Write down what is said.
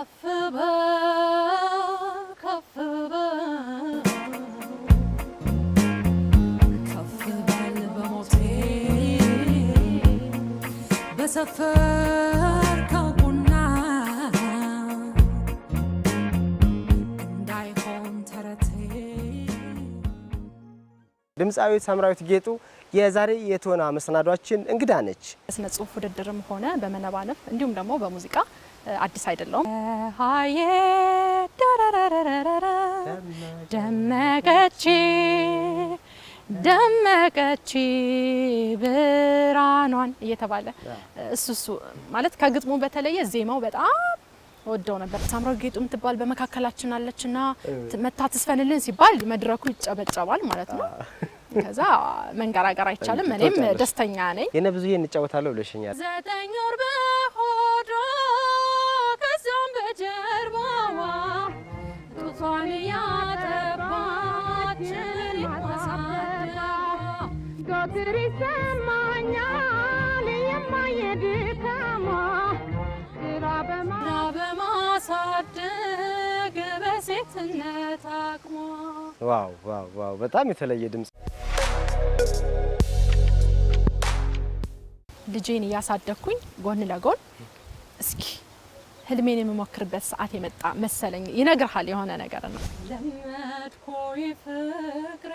ከፍ በል ከፍ በል ድምፃዊት ሳምራዊት ጌጡ የዛሬ የቶና መሰናዷችን እንግዳ ነች። ስነ ጽሁፍ ውድድርም ሆነ በመነባነብ እንዲሁም ደግሞ በሙዚቃ አዲስ አይደለውም። ሀዬ ደመቀች ደመቀች ብራኗን እየተባለ እሱ እሱ ማለት ከግጥሙ በተለየ ዜማው በጣም ወደው ነበር። ሳምራዊ ጌጡ የምትባል በመካከላችን አለችና መታ ትስፈንልን ሲባል መድረኩ ይጨበጨባል ማለት ነው። ከዛ መንገራገር አይቻልም። እኔም ደስተኛ ነኝ። የነ ብዙዬ እንጫወታለሁ ብለሽኛል። ዘጠኝ ወር ዘወትር ይሰማኛል የማየ ድካሟ ስራ በማሳደግ በሴትነት አቅሟ። ዋው ዋው ዋው! በጣም የተለየ ድምፅ። ልጄን እያሳደግኩኝ ጎን ለጎን እስኪ ህልሜን የምሞክርበት ሰዓት የመጣ መሰለኝ። ይነግርሃል የሆነ ነገር ነው ለመድኮ ፍቅሬ